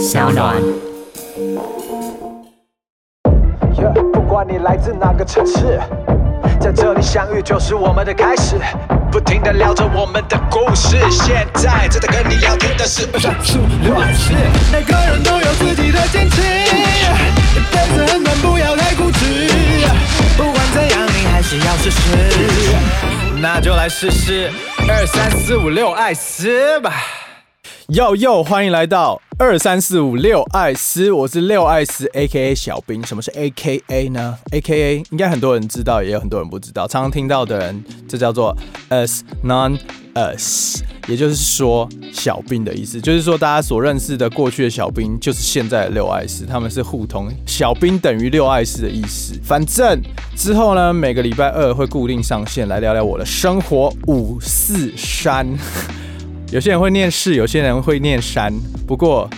SoundOn，Yeah, 不管你來自哪個城市，在這裡相遇就是我們的開始。不停地聊着我們的故事，現在正在跟你聊天的是二三四五六艾司，每、啊、個人都有自己的堅持，日子很短，不要太固執。不管怎樣，你還是要試試，啊、那就來試試二三四五六艾司吧。Yo, yo 歡迎來到二三四五六艾司，我是六艾司，A K A 小冰。什麼是 A K A 呢？A K A 應該很多人知道，也有很多人不知道。常常聽到的人，這叫做 also known as，也就是說小冰的意思，就是說大家所認識的過去的小冰，就是現在的六艾司，他們是互通，小冰等於六艾司的意思。反正之後呢，每個禮拜二會固定上線來聊聊我的生活五四三。有些人會念市，有些人會念山。不過，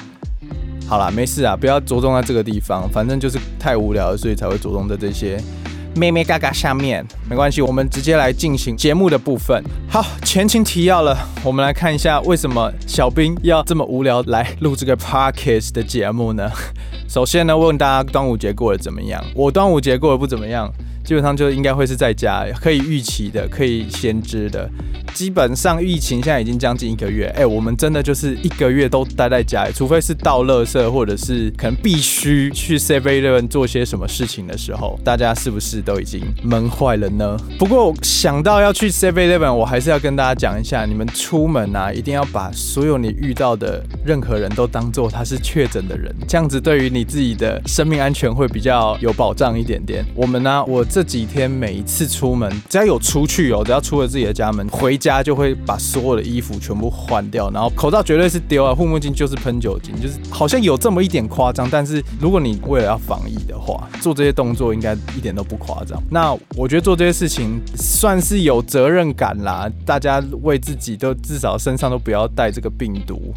好啦，沒事啊，不要着重在這個地方。反正就是太無聊了，所以才會着重在這些妹妹嘎嘎下面。沒關係，我們直接來進行節目的部分。好，前情提要了，我們來看一下為什麼小冰要這麼無聊來錄這個 Podcast 的節目呢？首先呢，問大家端午節過得怎麼樣？我端午節過得不怎麼樣，基本上就應該會是在家，可以預期的，可以先知的。基本上疫情現在已經將近一個月，哎、欸，我們真的就是一個月都待在家裡，除非是倒垃圾或者是可能必須去 Seven Eleven 做些什麼事情的時候，大家是不是都已經悶壞了呢？不過想到要去 Seven Eleven，我還是要跟大家講一下，你們出門啊，一定要把所有你遇到的任何人都當做他是確診的人，這樣子對於你自己的生命安全會比較有保障一點點。我們呢、啊，我這幾天每一次出門，只要有出去哦，只要出了自己的家門回家就會把所有的衣服全部換掉，然後口罩絕對是丟啊，護目鏡就是噴酒精，就是好像有這麼一點誇張，但是如果你為了要防疫的話，做這些動作應該一點都不誇張。那我覺得做這些事情算是有責任感啦，大家為自己都至少身上都不要帶這個病毒，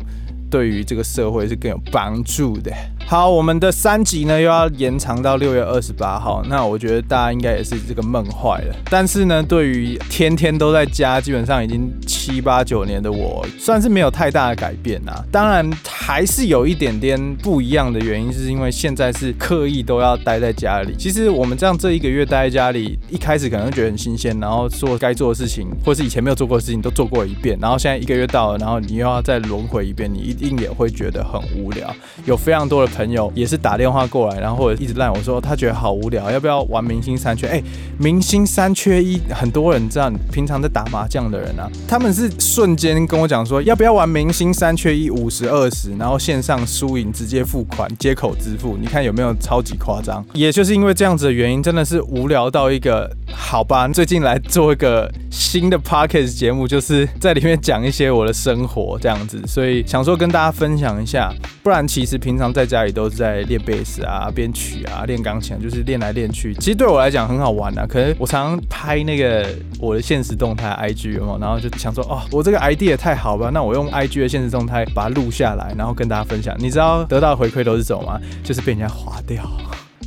對於這個社會是更有幫助的。好，我們的三級呢，又要延長到六月二十八號。那我覺得大家應該也是這個悶壞了。但是呢，對於天天都在家，基本上已經七八九年的我，算是沒有太大的改變啦、啊。當然，還是有一點點不一樣的原因，是因為現在是刻意都要待在家裡。其實我們這樣這一個月待在家裡，一開始可能覺得很新鮮，然後做該做的事情，或是以前沒有做過的事情都做過一遍。然後現在一個月到了，然後你又要再輪回一遍，你一定也會覺得很無聊，有非常多的。朋友也是打電話過來，然後或者一直賴我說他覺得好無聊，要不要玩明星三缺哎、欸，明星三缺一，很多人這樣平常在打麻將的人啊，他們是瞬間跟我講說要不要玩明星三缺一五十二十，20, 然後線上輸贏直接付款街口支付，你看有沒有超級誇張？也就是因為這樣子的原因，真的是無聊到一個好吧。最近來做一個新的 podcast 節目，就是在裡面講一些我的生活這樣子，所以想說跟大家分享一下，不然其實平常在家。也都是在練貝斯啊、編曲啊、練鋼琴，就是練來練去。其實對我來講很好玩啊，可能我常常拍那個我的限時動態 IG，有沒有？然後就想說，哦，我這個 idea 也太好吧，那我用 IG 的限時動態把它錄下來，然後跟大家分享。你知道得到的回饋都是什麼嗎？就是被人家滑掉。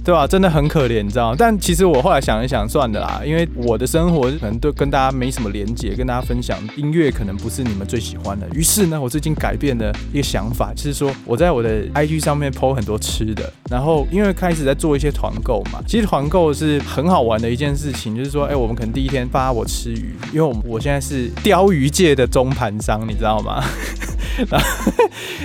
對吧？真的很可憐，你知道。但其實我後來想一想，算了啦，因為我的生活可能都跟大家沒什麼連結，跟大家分享音樂可能不是你們最喜歡的。於是呢，我最近改變了一個想法，就是說我在我的 IG 上面 po 很多吃的。然後因為開始在做一些團購嘛，其實團購是很好玩的一件事情，就是說，哎，我們可能第一天發我吃魚，因為我現在是鲷魚界的中盤商，你知道嗎？ 然後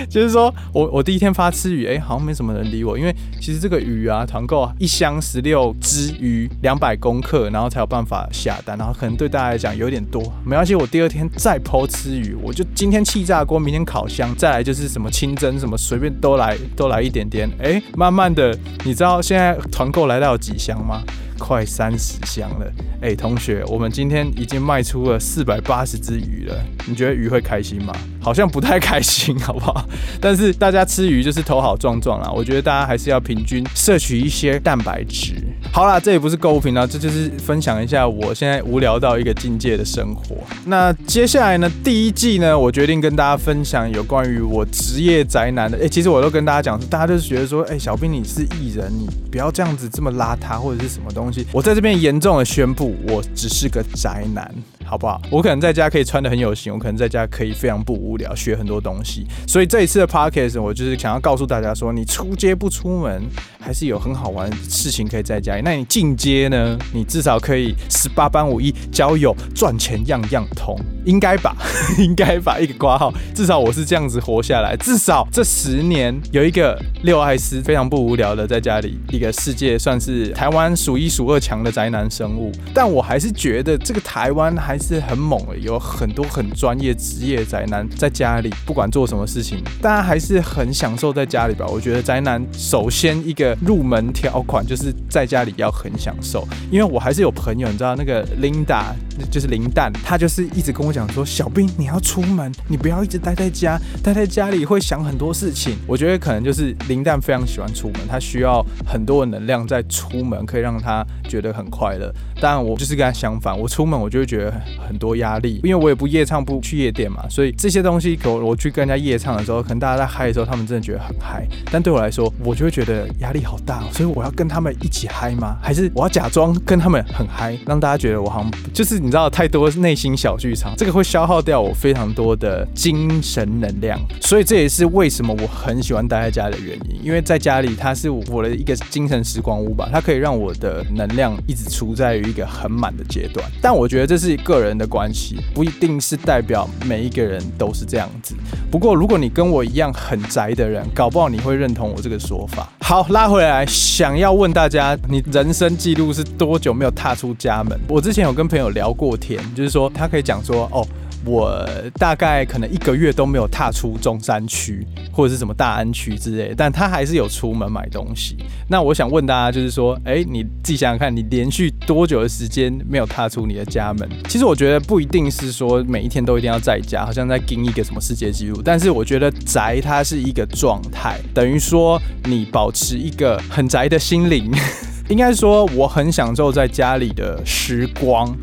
就是說我我第一天發吃魚，哎、欸，好像沒什麼人理我，因為其實這個魚啊，團購啊，一箱十六只魚，兩百公克，然後才有辦法下單，然後可能對大家來講有點多，沒關係，我第二天再剖吃魚，我就今天氣炸鍋，明天烤箱，再來就是什麼清蒸什麼，隨便都來都來一點點，哎、欸，慢慢的，你知道現在團購來了幾箱嗎？快三十箱了，哎，同學，我們今天已經賣出了四百八十隻魚了，你覺得魚會開心嗎？好像不太開心，好不好？但是大家吃魚就是頭好壯壯啦，我覺得大家還是要平均攝取一些蛋白質。好啦，這也不是購物頻道，這就是分享一下我現在無聊到一個境界的生活。那接下來呢，第一季呢，我決定跟大家分享有關於我職業宅男的。哎，其實我都跟大家講，大家就是覺得說，哎，小冰你是藝人，你不要這樣子這麼邋遢或者是什麼東西。我在這邊嚴重的宣布，我只是個宅男。好不好？我可能在家可以穿得很有型，我可能在家可以非常不無聊，學很多東西。所以這一次的 podcast 我就是想要告訴大家說，你出街不出門，還是有很好玩的事情可以在家裡。那你進階呢？你至少可以十八般武藝，交友、賺錢，樣樣通，應該吧？ 應該吧一個括號，至少我是這樣子活下來。至少這十年有一個六艾司，非常不無聊的在家裡，一個世界算是台灣數一數二強的宅男生物。但我還是覺得這個台灣還。還是很猛的欸，有很多很專業職業宅男在家裡，不管做什麼事情，大家還是很享受在家裡吧。我覺得宅男首先一個入門條款就是在家裡要很享受，因為我還是有朋友，你知道那個 Linda。就是林蛋，他就是一直跟我講說，小兵你要出門，你不要一直待在家，待在家裡會想很多事情。我覺得可能就是林蛋非常喜歡出門，他需要很多的能量在出門，可以讓他覺得很快樂。當然我就是跟他相反，我出門我就會覺得很多壓力，因為我也不夜唱，不去夜店嘛。所以這些東西，我我去跟人家夜唱的時候，可能大家在嗨的時候，他們真的覺得很嗨，但對我來說，我就會覺得壓力好大。所以我要跟他們一起嗨嗎？還是我要假裝跟他們很嗨，讓大家覺得我好像就是？你知道太多內心小劇場，這個會消耗掉我非常多的精神能量，所以這也是為什麼我很喜歡待在家的原因。因為在家裡，它是我的一個精神時光屋吧，它可以讓我的能量一直處在於一個很滿的階段。但我覺得這是個人的關係，不一定是代表每一個人都是這樣子。不過如果你跟我一樣很宅的人，搞不好你會認同我這個說法。好，拉回來，想要問大家，你人生記錄是多久沒有踏出家門？我之前有跟朋友聊過。過天就是說，他可以講說，哦，我大概可能一個月都沒有踏出中山區或者是什麼大安區之類，但他還是有出門買東西。那我想問大家，就是說，誒、欸，你自己想想看，你連續多久的時間沒有踏出你的家門？其實我覺得不一定是說每一天都一定要在家，好像在盯一個什麼世界紀錄。但是我覺得宅它是一個狀態，等於說你保持一個很宅的心靈。 應該說，我很享受在家裡的時光。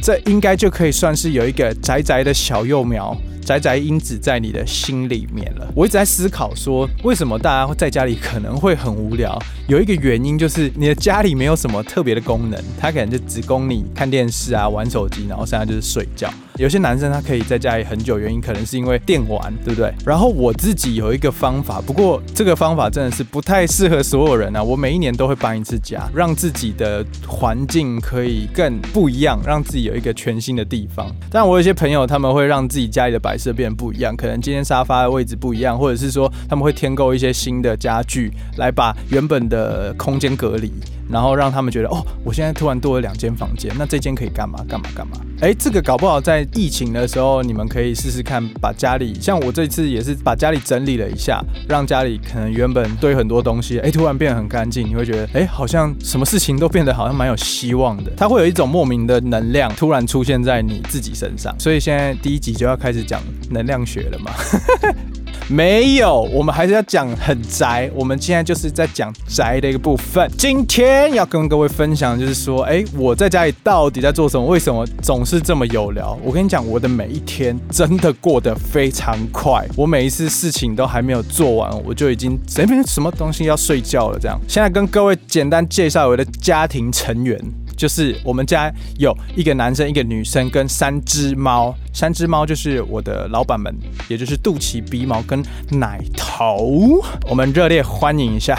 這應該就可以算是有一個宅宅的小幼苗，宅宅因子在你的心裡面了。我一直在思考說，為什麼大家在家裡可能會很無聊？有一個原因就是你的家裡沒有什麼特別的功能，它可能就只供你看電視啊、玩手機，然後剩下就是睡覺。有些男生他可以在家裡很久，原因可能是因為電玩，對不對？然後我自己有一個方法，不過這個方法真的是不太適合所有人啊。我每一年都會搬一次家，讓自己的環境可以更不一樣，讓自己有一個全新的地方。但我有些朋友他們會讓自己家裡的擺設變得不一樣，可能今天沙發的位置不一樣，或者是說他們會添購一些新的家具來把原本的空間隔離。然後讓他們覺得哦，我現在突然多了兩間房間，那這間可以幹嘛幹嘛幹嘛？哎，這個搞不好在疫情的時候，你們可以試試看，把家裡像我這次也是把家裡整理了一下，讓家裡可能原本堆很多東西，哎，突然變得很乾淨，你會覺得哎，好像什麼事情都變得好像蠻有希望的，它會有一種莫名的能量突然出現在你自己身上。所以現在第一集就要開始講能量學了嘛。 沒有，我們還是要講很宅。我們現在就是在講宅的一個部分。今天要跟各位分享，就是說，哎，我在家裡到底在做什麼？為什麼總是這麼有聊？我跟你講，我的每一天真的過得非常快。我每一次事情都還沒有做完，我就已經隨便什麼東西要睡覺了。這樣，現在跟各位簡單介紹我的家庭成員。就是我們家有一個男生、一個女生跟三隻貓，三隻貓就是我的老闆們，也就是肚臍、鼻毛跟奶頭。我們熱烈歡迎一下，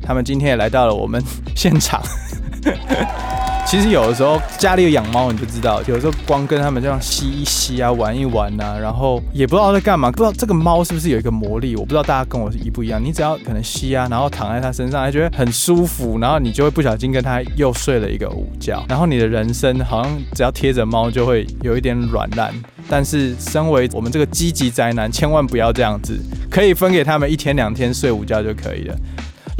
他們今天也來到了我們現場。 其實有的時候家裡有養貓，你就知道，有時候光跟他們這樣吸一吸啊，玩一玩啊，然後也不知道在幹嘛。不知道這個貓是不是有一個魔力？我不知道大家跟我是一不一樣。你只要可能吸啊，然後躺在它身上，還覺得很舒服，然後你就會不小心跟它又睡了一個午覺。然後你的人生好像只要貼着貓就會有一點軟爛。但是身為我們這個積極宅男，千萬不要這樣子，可以分給他們一天兩天睡午覺就可以了。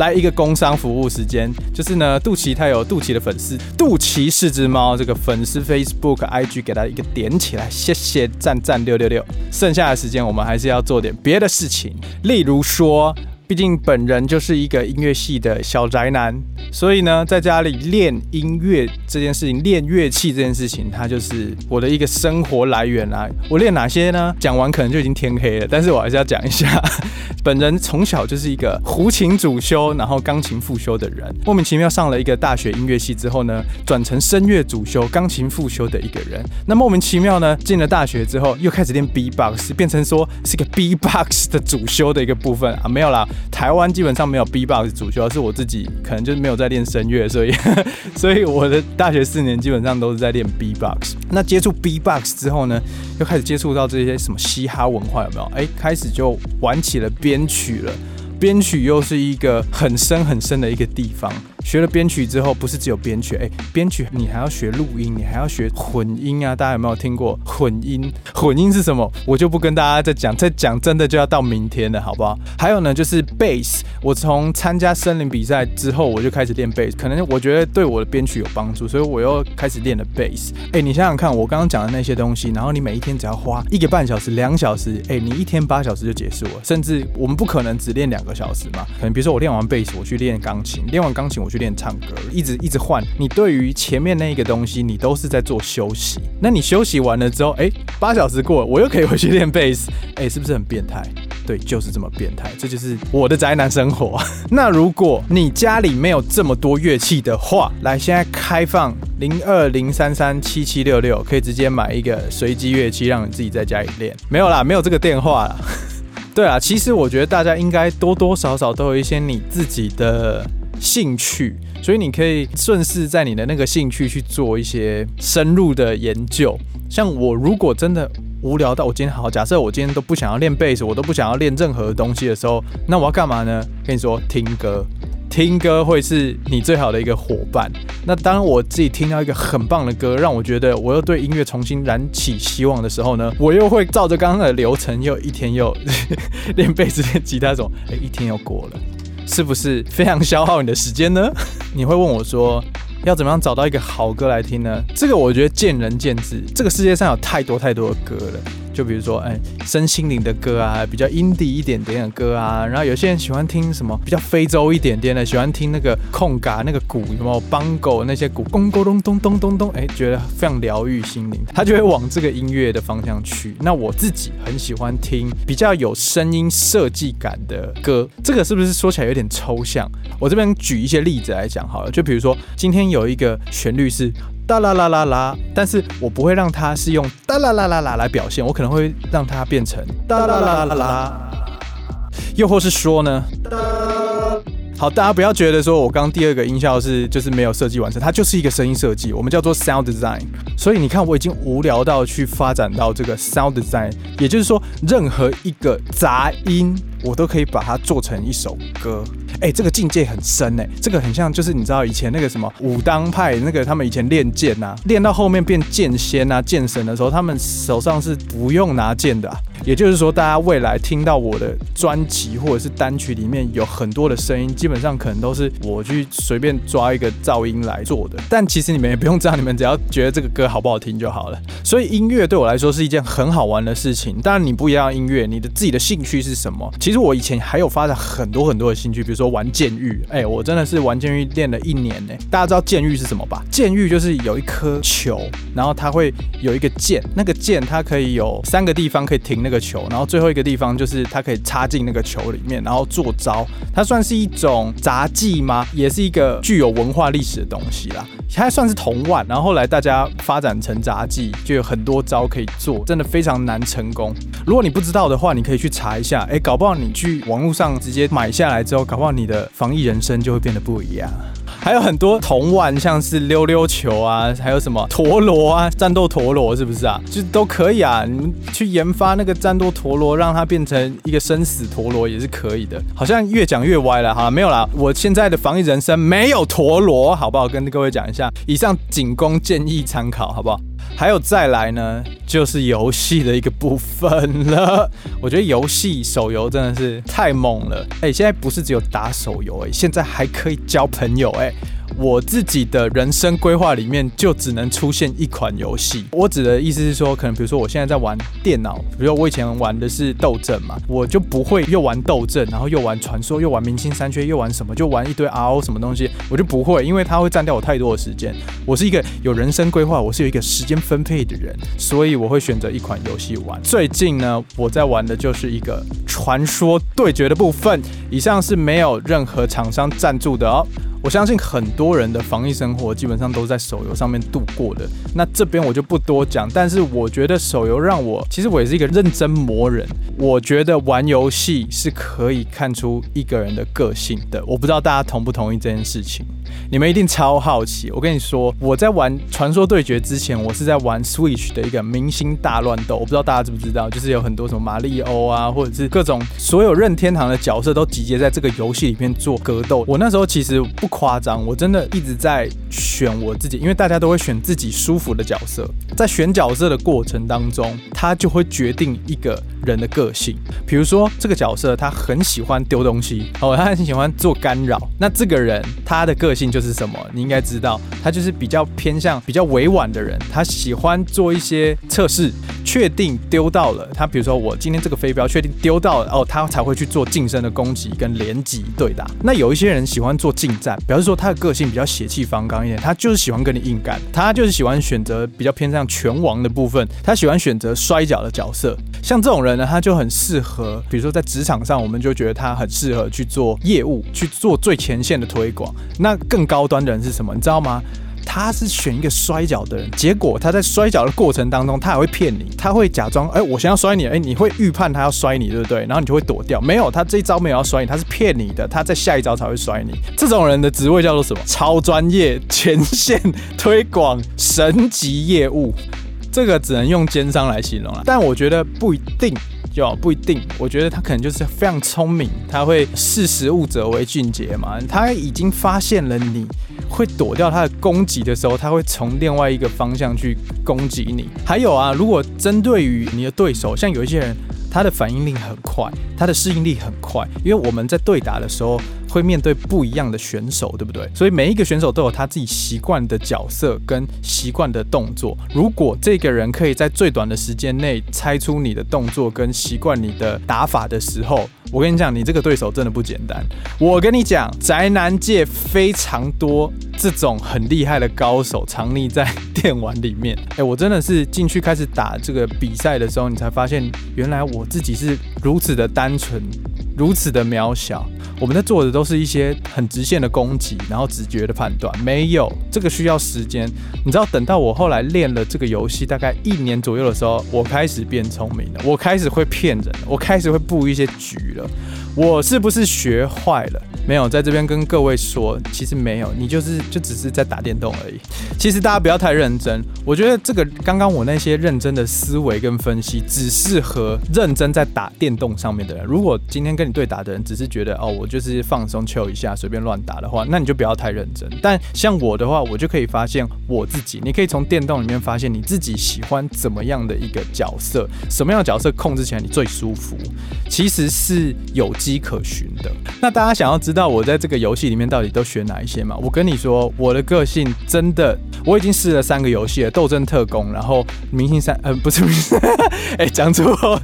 來一個工商服務時間，就是呢，肚臍他有肚臍的粉絲，肚臍是只貓，這個粉絲 Facebook、IG 給他一個點起來，謝謝讚讚六六六。剩下的時間我們還是要做點別的事情，例如說。畢竟本人就是一個音樂系的小宅男，所以呢，在家裡練音樂這件事情、練樂器這件事情，它就是我的一個生活來源啦、啊。我練哪些呢？講完可能就已經天黑了，但是我還是要講一下，本人從小就是一個胡琴主修，然後鋼琴副修的人，莫名其妙上了一個大學音樂系之後呢，轉成聲樂主修、鋼琴副修的一個人。那莫名其妙呢，進了大學之後又開始練 B-box，變成說是個 B-box 的主修的一個部分啊，沒有啦。台灣基本上沒有 B-box 主修，而是我自己可能就沒有在練聲樂，所以 所以我的大學四年基本上都是在練 B-box。那接觸 B-box 之後呢，又開始接觸到這些什麼嘻哈文化有沒有？哎、欸，開始就玩起了編曲了，編曲又是一個很深很深的一個地方。學了編曲之後，不是只有編曲，哎、欸，編曲你還要學錄音，你還要學混音啊！大家有沒有聽過混音？混音是什麼？我就不跟大家再講，再講真的就要到明天了，好不好？還有呢，就是 bass，我從參加森林比賽之後，我就開始練 bass，可能我覺得對我的編曲有幫助，所以我又開始練了 bass。哎、欸，你想想看，我剛剛講的那些東西，然後你每一天只要花一個半小時、兩小時，哎、欸，你一天八小時就結束了，甚至我們不可能只練兩個小時嘛？可能比如說我練完 bass，我去練鋼琴，練完鋼琴我。去練唱歌，一直一直換。你對於前面那個東西，你都是在做休息。那你休息完了之後，誒、欸，八小時過了，我又可以回去練貝斯，誒，是不是很變態？對，就是這麼變態，這就是我的宅男生活。 那如果你家裡沒有這麼多樂器的話，來，現在開放零二零三三七七六六，可以直接買一個隨機樂器，讓你自己在家裡練。沒有啦，沒有這個電話啦。 對啊，其實我覺得大家應該多多少少都有一些你自己的。興趣，所以你可以順勢在你的那個興趣去做一些深入的研究。像我，如果真的無聊到我今天好，假設我今天都不想要練貝斯，我都不想要練任何東西的時候，那我要幹嘛呢？跟你說，聽歌，聽歌會是你最好的一個夥伴。那當我自己聽到一個很棒的歌，讓我覺得我又對音樂重新燃起希望的時候呢，我又會照着剛剛的流程，又一天又練貝斯、練吉他什麼，種、欸、哎，一天又過了。是不是非常消耗你的時間呢？ 你會問我說，要怎麼樣找到一個好歌來聽呢？這個我覺得見仁見智，這個世界上有太多太多的歌了。就比如說，哎，身心靈的歌啊，比較 indie 一點點的歌啊，然後有些人喜歡聽什麼比較非洲一點點的，喜歡聽那個控嘎那個鼓，有沒有邦狗那些鼓，咚咚咚咚咚咚咚，哎，覺得非常療癒心靈，他就會往這個音樂的方向去。那我自己很喜歡聽比較有聲音設計感的歌，這個是不是說起來有點抽象？我這邊舉一些例子來講好了，就比如說今天有一個旋律是。噠啦啦啦啦，但是我不會讓它是用噠啦啦啦啦來表現，我可能會讓它變成噠啦啦啦啦，又或是說呢，好，大家不要覺得說我剛剛第二個音效是就是沒有設計完成，它就是一個聲音設計，我們叫做 sound design。所以你看，我已經無聊到去發展到這個 sound design，也就是說，任何一個雜音。我都可以把它做成一首歌，哎，這個境界很深呢，這個很像就是你知道以前那個什麼武當派那個他們以前練劍吶，練到後面變劍仙啊，劍神的時候，他們手上是不用拿劍的啊。也就是說，大家未來聽到我的專輯或者是單曲裡面有很多的聲音，基本上可能都是我去隨便抓一個噪音來做的。但其實你們也不用知道，你們只要覺得這個歌好不好聽就好了。所以音樂對我來說是一件很好玩的事情。當然你不一樣，音樂你的自己的興趣是什麼？其實我以前還有發展很多很多的興趣，比如說玩劍玉。哎、欸，我真的是玩劍玉練了一年呢、欸。大家知道劍玉是什麼吧？劍玉就是有一顆球，然後它會有一個劍，那個劍它可以有三個地方可以停那個球，然後最後一個地方就是它可以插進那個球裡面，然後做招。它算是一種雜技嗎？也是一個具有文化歷史的東西啦，它算是童玩。然後後來大家發展成雜技，就有很多招可以做，真的非常難成功。如果你不知道的話，你可以去查一下。哎、欸，搞不好。你去網絡上直接買下來之後，搞不好你的防疫人生就會變得不一樣。還有很多童玩，像是溜溜球啊，還有什麼陀螺啊，戰鬥陀螺是不是啊？就都可以啊。你去研發那個戰鬥陀螺，讓它變成一個生死陀螺也是可以的。好像越講越歪了，哈，沒有啦，我現在的防疫人生沒有陀螺，好不好？跟各位講一下，以上僅供建議參考，好不好？還有再來呢，就是遊戲的一個部分了。我覺得遊戲手遊真的是太猛了。欸，現在不是只有打手遊欸，現在還可以交朋友欸。我自己的人生規劃裡面就只能出現一款遊戲。我指的意思是說，可能比如說我現在在玩電腦，比如說我以前玩的是鬥陣嘛，我就不會又玩鬥陣，然後又玩傳說，又玩明星三缺，又玩什麼，就玩一堆 RO 什麼東西，我就不會，因為它會佔掉我太多的時間。我是一個有人生規劃，我是有一個時間分配的人，所以我會選擇一款遊戲玩。最近呢，我在玩的就是一個傳說對決的部分。以上是沒有任何廠商贊助的哦。我相信很多人的防疫生活基本上都在手遊上面度過的，那這邊我就不多講。但是我覺得手遊讓我，其實我也是一個認真魔人。我覺得玩遊戲是可以看出一個人的個性的，我不知道大家同不同意這件事情。你們一定超好奇，我跟你說，我在玩《傳說對決》之前，我是在玩 Switch 的一個《明星大亂鬥》。我不知道大家知不知道，就是有很多什麼馬里奧啊，或者是各種所有任天堂的角色都集結在這個遊戲裡面做格鬥。我那時候其實不誇張，我真的一直在選我自己，因為大家都會選自己舒服的角色。在選角色的過程當中，他就會決定一個人的個性。比如說這個角色他很喜歡丟東西哦，他很喜歡做干擾。那這個人他的個性。性就是什麼？你應該知道，他就是比較偏向比較委婉的人，他喜歡做一些測試，確定丟到了。他比如說我今天這個飛鏢確定丟到了哦，他才會去做近身的攻擊跟連擊對打。那有一些人喜歡做近戰，表示說他的個性比較血氣方剛一點，他就是喜歡跟你硬幹，他就是喜歡選擇比較偏向拳王的部分，他喜歡選擇摔角的角色。像這種人呢，他就很適合，比如說在職場上，我們就覺得他很適合去做業務，去做最前線的推廣。那更高端的人是什麼？你知道嗎？他是選一個摔跤的人，結果他在摔跤的過程當中，他還會騙你，他會假裝哎、欸，我先要摔你，哎、欸，你會預判他要摔你，對不對？然後你就會躲掉。沒有，他這一招沒有要摔你，他是騙你的，他在下一招才會摔你。這種人的職位叫做什麼？超專業前線推廣神級業務，這個只能用奸商來形容了。但我覺得不一定。就不一定，我覺得他可能就是非常聰明，他會識時務者為俊傑嘛。他已經發現了你會躲掉他的攻擊的時候，他會從另外一個方向去攻擊你。還有啊，如果針對於你的對手，像有一些人，他的反應力很快，他的適應力很快，因為我們在對打的時候。會面對不一樣的選手，對不對？所以每一個選手都有他自己習慣的角色跟習慣的動作。如果這個人可以在最短的時間內猜出你的動作跟習慣你的打法的時候，我跟你講，你這個對手真的不簡單。我跟你講，宅男界非常多這種很厲害的高手藏匿在電玩裡面。誒，我真的是進去開始打這個比賽的時候，你才發現原來我自己是如此的單純。如此的渺小。我們在做的都是一些很直線的攻擊，然後直覺的判斷，沒有這個需要時間。你知道，等到我後來練了這個遊戲大概一年左右的時候，我開始變聰明了，我開始會騙人，我開始會布一些局了。我是不是學壞了？沒有，在這邊跟各位說，其實沒有，你就是就只是在打電動而已。其實大家不要太認真，我覺得這個剛剛我那些認真的思維跟分析，只適合認真在打電動上面的人。如果今天跟你對打的人只是覺得哦，我就是放鬆 chill 一下，隨便亂打的話，那你就不要太認真。但像我的話，我就可以發現我自己，你可以從電動裡面發現你自己喜歡怎麼樣的一個角色，什麼樣的角色控制起來你最舒服。其實是有跡可循的。那大家想要知道我在這個遊戲裡面到底都選哪一些嗎？我跟你說，我的個性真的，我已經試了三個遊戲了：鬥陣特攻，然後明星三，呃，不是明星，哎、欸，講錯，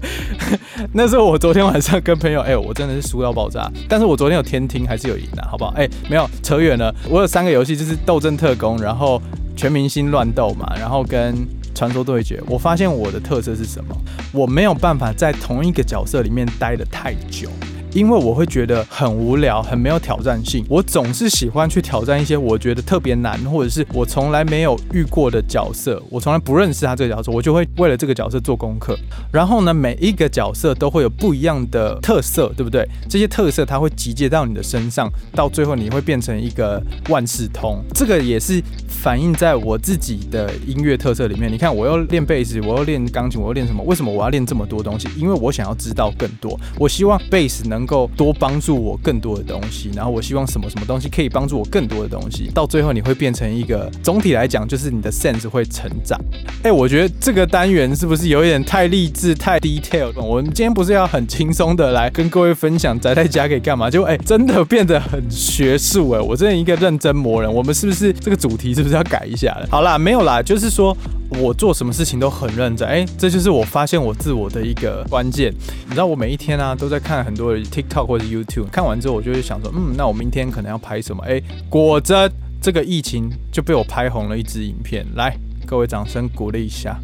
那時候我昨天晚上跟朋友，哎、欸，我真的是輸到爆炸。但是我昨天有天聽還是有贏的，啊，好不好？哎、欸，沒有，扯遠了。我有三個遊戲，就是鬥陣特攻，然後全明星亂鬥嘛，然後跟傳說對決。我發現我的特色是什麼？我沒有辦法在同一個角色裡面待得太久。因為我會覺得很無聊，很沒有挑戰性。我總是喜歡去挑戰一些我覺得特別難，或者是我從來沒有遇過的角色。我從來不認識他這個角色，我就會為了這個角色做功課。然後呢，每一個角色都會有不一樣的特色，對不對？這些特色它會集結到你的身上，到最後你會變成一個萬事通。這個也是反映在我自己的音樂特色裡面。你看，我又練貝斯，我又練鋼琴，我又練什麼？為什麼我要練這麼多東西？因為我想要知道更多。我希望貝斯能。能夠多幫助我更多的東西，然後我希望什麼什麼東西可以幫助我更多的東西，到最後你會變成一個總體來講就是你的 sense 會成長。哎、欸，我覺得這個單元是不是有點太勵志、太 detail？我們今天不是要很輕鬆的來跟各位分享宅在家可以幹嘛？就哎、欸，真的變得很學術哎、欸，我真的一個認真魔人。我們是不是這個主題是不是要改一下了？好啦，沒有啦，就是說。我做什麼事情都很認真，哎、欸，這就是我發現我自我的一個關鍵。你知道我每一天啊都在看很多的 TikTok 或者 YouTube，看完之後我就會想說，嗯，那我明天可能要拍什麼？哎、欸，果真，這個疫情就被我拍紅了一支影片，來，各位掌聲鼓勵一下，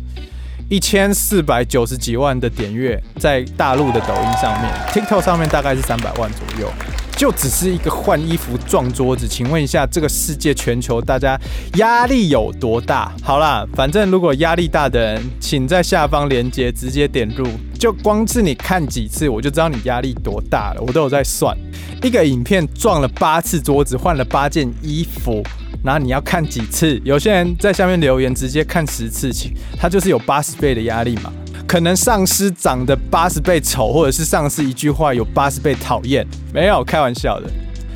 一千四百九十幾萬的點閱，在大陸的抖音上面，TikTok 上面大概是三百萬左右。就只是一個換衣服撞桌子，請問一下，這個世界全球大家壓力有多大？好啦，反正如果壓力大的人，請在下方連結直接點入，就光是你看幾次，我就知道你壓力多大了。我都有在算，一個影片撞了八次桌子，換了八件衣服，然後你要看幾次？有些人在下面留言，直接看十次，請他就是有八十倍的壓力嘛。可能上司長得八十倍醜，或者是上司一句話有八十倍討厭，沒有開玩笑的。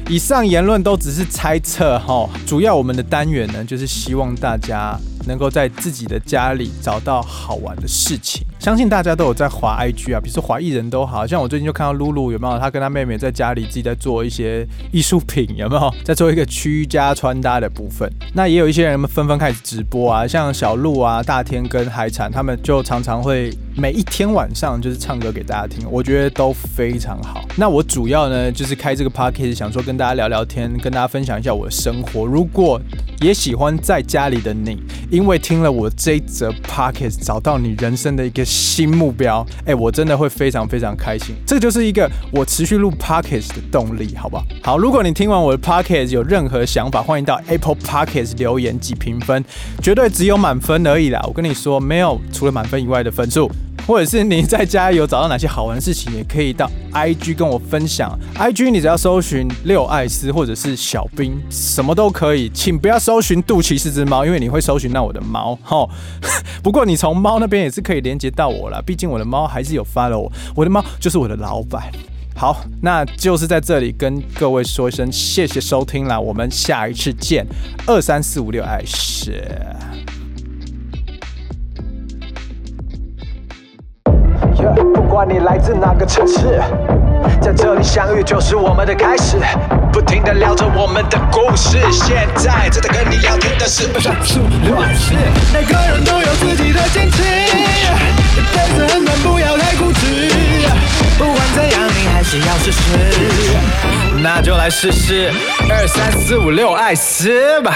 以上言論都只是猜測哈。主要我們的單元呢，就是希望大家能夠在自己的家裡找到好玩的事情。相信大家都有在滑 IG 啊，比如說滑藝人都好，像我最近就看到露露有沒有，她跟她妹妹在家裡自己在做一些藝術品，有沒有在做一個居家穿搭的部分？那也有一些人們紛紛開始直播啊，像小鹿啊、大天跟海產，他們就常常會每一天晚上就是唱歌給大家聽，我覺得都非常好。那我主要呢就是開這個 Podcast 想說跟大家聊聊天，跟大家分享一下我的生活。如果也喜歡在家裡的你，因為聽了我這一則 Podcast 找到你人生的一個。新目標，哎、欸，我真的會非常非常開心，這就是一個我持續錄 Podcast 的動力，好不好？好，如果你聽完我的 Podcast 有任何想法，歡迎到 Apple Podcast 留言及評分，絕對只有滿分而已啦，我跟你說，沒有除了滿分以外的分數。或者是你在家有找到哪些好玩的事情，也可以到 I G 跟我分享。I G 你只要搜尋六艾司或者是小冰，什麼都可以。請不要搜尋肚臍是隻貓，因為你會搜尋到我的貓。吼、哦，不過你從貓那邊也是可以連接到我啦，畢竟我的貓還是有 follow 我，我的貓，就是我的老板。好，那就是在這裡跟各位說一聲謝謝收聽啦。我們下一次見，二三四五六艾司。耶，yeah, 不管你來自哪個城市，在這裡相遇就是我們的開始。不停地聊着我們的故事，現在正在跟你聊天的是二三四五六艾司，每個人都有自己的堅持，一輩子很短，不要太固執。不管怎樣，你還是要試試。那就來試試二三四五六艾司吧。